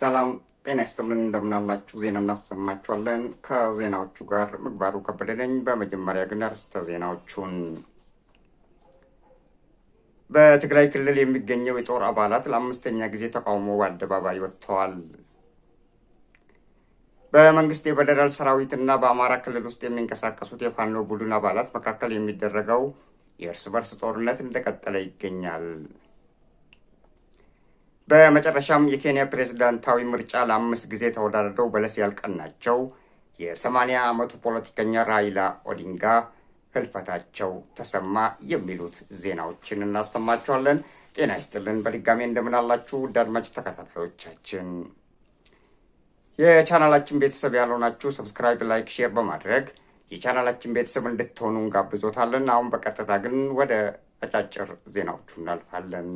ሰላም ጤና ይስጥልን። እንደምናላችሁ ዜና እናሰማችኋለን። ከዜናዎቹ ጋር ምግባሩ ከበደ ነኝ። በመጀመሪያ ግን አርዕስተ ዜናዎቹን በትግራይ ክልል የሚገኘው የጦር አባላት ለአምስተኛ ጊዜ ተቃውሞ በአደባባይ ወጥተዋል። በመንግስት የፌደራል ሰራዊት እና በአማራ ክልል ውስጥ የሚንቀሳቀሱት የፋኖ ቡድን አባላት መካከል የሚደረገው የእርስ በርስ ጦርነት እንደቀጠለ ይገኛል። በመጨረሻም የኬንያ ፕሬዝዳንታዊ ምርጫ ለአምስት ጊዜ ተወዳድረው በለስ ያልቀናቸው የ80 ዓመቱ ፖለቲከኛ ራይላ ኦዲንጋ ህልፈታቸው ተሰማ የሚሉት ዜናዎችን እናሰማችኋለን። ጤና ይስጥልን። በድጋሜ እንደምናላችሁ አድማጭ ተከታታዮቻችን፣ የቻናላችን ቤተሰብ ያልሆናችሁ ሰብስክራይብ፣ ላይክ፣ ሼር በማድረግ የቻናላችን ቤተሰብ እንድትሆኑ እንጋብዞታለን። አሁን በቀጥታ ግን ወደ አጫጭር ዜናዎቹ እናልፋለን።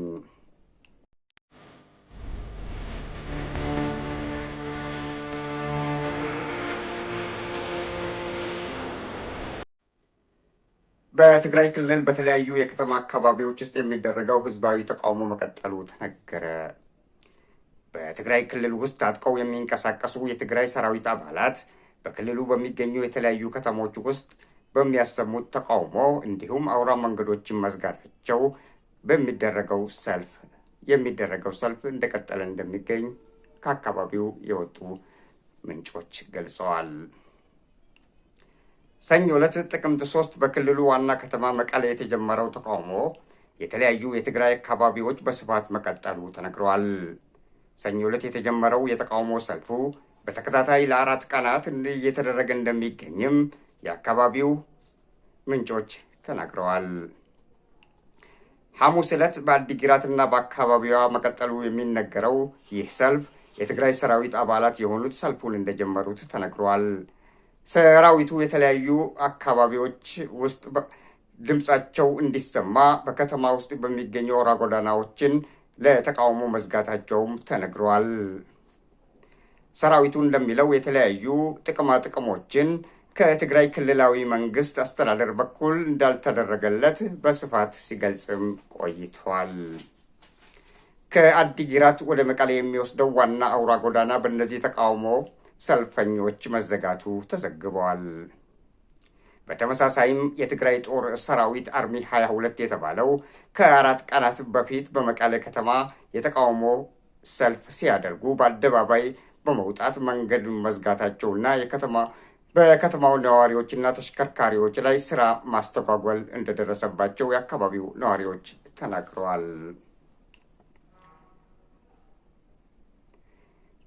በትግራይ ክልል በተለያዩ የከተማ አካባቢዎች ውስጥ የሚደረገው ህዝባዊ ተቃውሞ መቀጠሉ ተነገረ። በትግራይ ክልል ውስጥ ታጥቀው የሚንቀሳቀሱ የትግራይ ሰራዊት አባላት በክልሉ በሚገኙ የተለያዩ ከተሞች ውስጥ በሚያሰሙት ተቃውሞ እንዲሁም አውራ መንገዶችን መዝጋታቸው በሚደረገው ሰልፍ የሚደረገው ሰልፍ እንደቀጠለ እንደሚገኝ ከአካባቢው የወጡ ምንጮች ገልጸዋል። ሰኞ ዕለት ጥቅምት ሶስት በክልሉ ዋና ከተማ መቀሌ የተጀመረው ተቃውሞ የተለያዩ የትግራይ አካባቢዎች በስፋት መቀጠሉ ተነግረዋል። ሰኞ ዕለት የተጀመረው የተቃውሞ ሰልፉ በተከታታይ ለአራት ቀናት እየተደረገ እንደሚገኝም የአካባቢው ምንጮች ተናግረዋል። ሐሙስ ዕለት በአዲግራትና በአካባቢዋ መቀጠሉ የሚነገረው ይህ ሰልፍ የትግራይ ሰራዊት አባላት የሆኑት ሰልፉን እንደጀመሩት ተነግረዋል። ሰራዊቱ የተለያዩ አካባቢዎች ውስጥ ድምፃቸው እንዲሰማ በከተማ ውስጥ በሚገኙ አውራ ጎዳናዎችን ለተቃውሞ መዝጋታቸውም ተነግሯል። ሰራዊቱ እንደሚለው የተለያዩ ጥቅማ ጥቅሞችን ከትግራይ ክልላዊ መንግስት አስተዳደር በኩል እንዳልተደረገለት በስፋት ሲገልጽም ቆይቷል። ከአዲግራት ወደ መቀሌ የሚወስደው ዋና አውራ ጎዳና በእነዚህ ተቃውሞ ሰልፈኞች መዘጋቱ ተዘግበዋል። በተመሳሳይም የትግራይ ጦር ሰራዊት አርሚ 22 የተባለው ከአራት ቀናት በፊት በመቀለ ከተማ የተቃውሞ ሰልፍ ሲያደርጉ በአደባባይ በመውጣት መንገድ መዝጋታቸውና የከተማ በከተማው ነዋሪዎችና ተሽከርካሪዎች ላይ ስራ ማስተጓጓል እንደደረሰባቸው የአካባቢው ነዋሪዎች ተናግረዋል።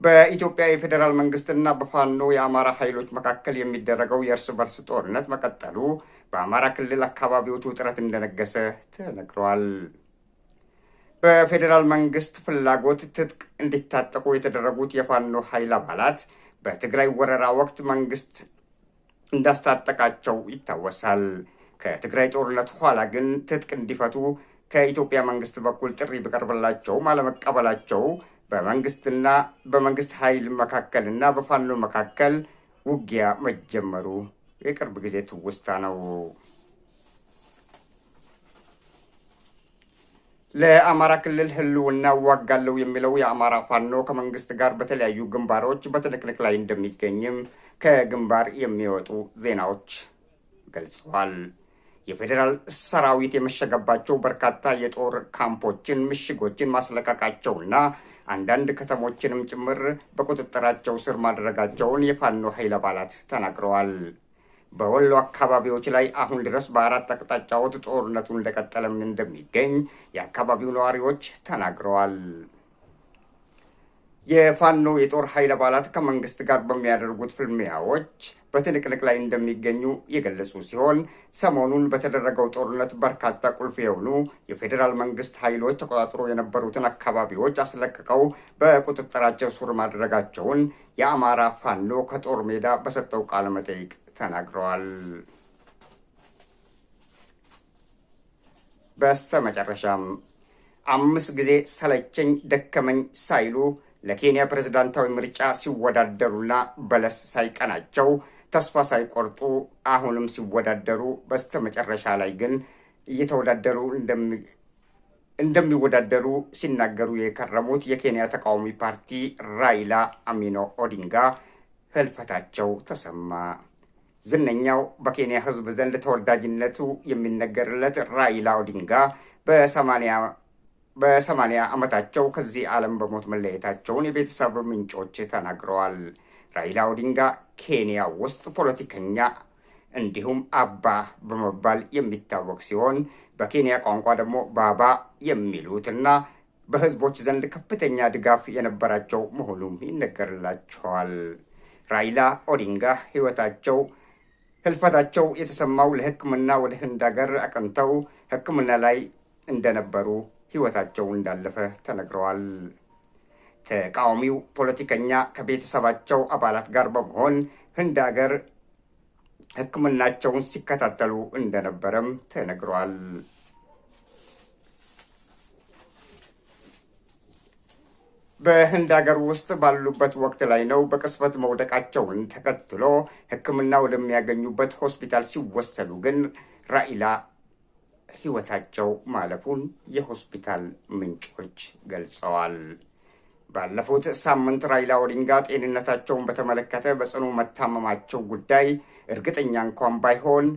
በኢትዮጵያ የፌዴራል መንግስትና በፋኖ የአማራ ኃይሎች መካከል የሚደረገው የእርስ በርስ ጦርነት መቀጠሉ በአማራ ክልል አካባቢዎች ውጥረት እንደነገሰ ተነግሯል። በፌዴራል መንግስት ፍላጎት ትጥቅ እንዲታጠቁ የተደረጉት የፋኖ ኃይል አባላት በትግራይ ወረራ ወቅት መንግስት እንዳስታጠቃቸው ይታወሳል። ከትግራይ ጦርነት ኋላ ግን ትጥቅ እንዲፈቱ ከኢትዮጵያ መንግስት በኩል ጥሪ ቢቀርብላቸውም አለመቀበላቸው በመንግስትና በመንግስት ኃይል መካከልና በፋኖ መካከል ውጊያ መጀመሩ የቅርብ ጊዜ ትውስታ ነው። ለአማራ ክልል ህልውና እዋጋለሁ የሚለው የአማራ ፋኖ ከመንግስት ጋር በተለያዩ ግንባሮች በትንቅንቅ ላይ እንደሚገኝም ከግንባር የሚወጡ ዜናዎች ገልጸዋል። የፌዴራል ሰራዊት የመሸገባቸው በርካታ የጦር ካምፖችን፣ ምሽጎችን ማስለቀቃቸውና አንዳንድ ከተሞችንም ጭምር በቁጥጥራቸው ስር ማድረጋቸውን የፋኖ ኃይል አባላት ተናግረዋል። በወሎ አካባቢዎች ላይ አሁን ድረስ በአራት አቅጣጫዎች ጦርነቱ እንደቀጠለም እንደሚገኝ የአካባቢው ነዋሪዎች ተናግረዋል። የፋኖ የጦር ኃይል አባላት ከመንግስት ጋር በሚያደርጉት ፍልሚያዎች በትንቅንቅ ላይ እንደሚገኙ የገለጹ ሲሆን ሰሞኑን በተደረገው ጦርነት በርካታ ቁልፍ የሆኑ የፌዴራል መንግስት ኃይሎች ተቆጣጥሮ የነበሩትን አካባቢዎች አስለቅቀው በቁጥጥራቸው ስር ማድረጋቸውን የአማራ ፋኖ ከጦር ሜዳ በሰጠው ቃለ መጠይቅ ተናግረዋል። በስተ መጨረሻም አምስት ጊዜ ሰለቸኝ ደከመኝ ሳይሉ ለኬንያ ፕሬዝዳንታዊ ምርጫ ሲወዳደሩና በለስ ሳይቀናቸው ተስፋ ሳይቆርጡ አሁንም ሲወዳደሩ በስተ መጨረሻ ላይ ግን እየተወዳደሩ እንደሚወዳደሩ ሲናገሩ የከረሙት የኬንያ ተቃዋሚ ፓርቲ ራይላ አሚኖ ኦዲንጋ ህልፈታቸው ተሰማ። ዝነኛው በኬንያ ህዝብ ዘንድ ተወዳጅነቱ የሚነገርለት ራይላ ኦዲንጋ በሰማንያ በሰማንያ ዓመታቸው ከዚህ ዓለም በሞት መለየታቸውን የቤተሰብ ምንጮች ተናግረዋል። ራይላ ኦዲንጋ ኬንያ ውስጥ ፖለቲከኛ እንዲሁም አባ በመባል የሚታወቅ ሲሆን በኬንያ ቋንቋ ደግሞ ባባ የሚሉትና በህዝቦች ዘንድ ከፍተኛ ድጋፍ የነበራቸው መሆኑም ይነገርላቸዋል። ራይላ ኦዲንጋ ህይወታቸው ህልፈታቸው የተሰማው ለሕክምና ወደ ህንድ ሀገር አቅንተው ሕክምና ላይ እንደነበሩ ሕይወታቸው እንዳለፈ ተነግረዋል። ተቃዋሚው ፖለቲከኛ ከቤተሰባቸው አባላት ጋር በመሆን ህንድ ሀገር ሕክምናቸውን ሲከታተሉ እንደነበረም ተነግረዋል። በህንድ ሀገር ውስጥ ባሉበት ወቅት ላይ ነው በቅጽበት መውደቃቸውን ተከትሎ ሕክምና ወደሚያገኙበት ሆስፒታል ሲወሰዱ ግን ራኢላ ሕይወታቸው ማለፉን የሆስፒታል ምንጮች ገልጸዋል። ባለፉት ሳምንት ራይላ ኦዲንጋ ጤንነታቸውን በተመለከተ በጽኑ መታመማቸው ጉዳይ እርግጠኛ እንኳን ባይሆን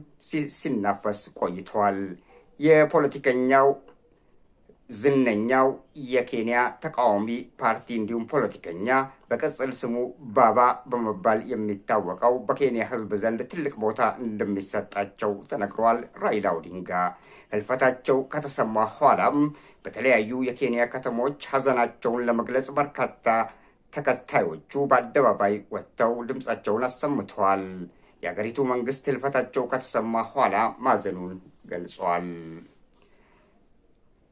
ሲናፈስ ቆይተዋል። የፖለቲከኛው ዝነኛው የኬንያ ተቃዋሚ ፓርቲ እንዲሁም ፖለቲከኛ በቅጽል ስሙ ባባ በመባል የሚታወቀው በኬንያ ሕዝብ ዘንድ ትልቅ ቦታ እንደሚሰጣቸው ተነግሯል። ራይላ ኦዲንጋ ህልፈታቸው ከተሰማ ኋላም በተለያዩ የኬንያ ከተሞች ሀዘናቸውን ለመግለጽ በርካታ ተከታዮቹ በአደባባይ ወጥተው ድምፃቸውን አሰምተዋል። የአገሪቱ መንግስት ህልፈታቸው ከተሰማ ኋላ ማዘኑን ገልጿል።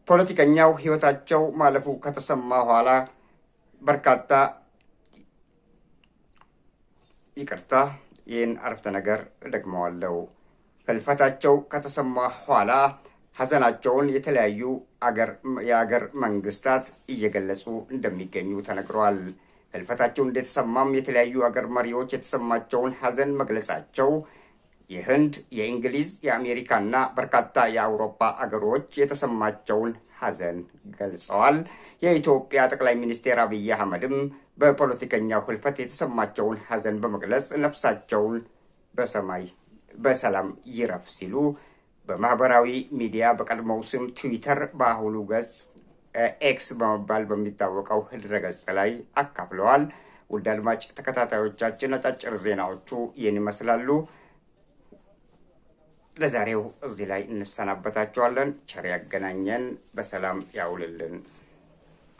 ፖለቲከኛው ህይወታቸው ማለፉ ከተሰማ ኋላ በርካታ ይቅርታ፣ ይህን አረፍተ ነገር እደግመዋለሁ። ህልፈታቸው ከተሰማ ኋላ ሐዘናቸውን የተለያዩ የአገር መንግስታት እየገለጹ እንደሚገኙ ተነግረዋል። ህልፈታቸው እንደተሰማም የተለያዩ አገር መሪዎች የተሰማቸውን ሐዘን መግለጻቸው የህንድ፣ የእንግሊዝ፣ የአሜሪካና በርካታ የአውሮፓ አገሮች የተሰማቸውን ሐዘን ገልጸዋል። የኢትዮጵያ ጠቅላይ ሚኒስትር አብይ አህመድም በፖለቲከኛው ህልፈት የተሰማቸውን ሐዘን በመግለጽ ነፍሳቸውን በሰማይ በሰላም ይረፍ ሲሉ በማህበራዊ ሚዲያ በቀድሞው ስም ትዊተር በአሁኑ ገጽ ኤክስ በመባል በሚታወቀው ህድረ ገጽ ላይ አካፍለዋል። ውድ አድማጭ ተከታታዮቻችን አጫጭር ዜናዎቹ ይህን ይመስላሉ። ለዛሬው እዚህ ላይ እንሰናበታቸዋለን። ቸር ያገናኘን፣ በሰላም ያውልልን።